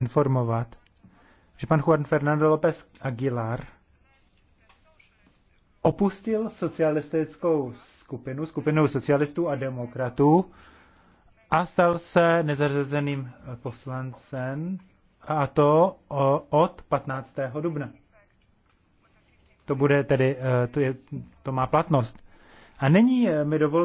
informovat, že pan Juan Fernando López Aguilar opustil socialistickou skupinu, skupinu socialistů a demokratů a stal se nezařazeným poslancem a to od 15. dubna. To bude tedy, eh, to, je, to má platnost. A nyní eh, mi dovolte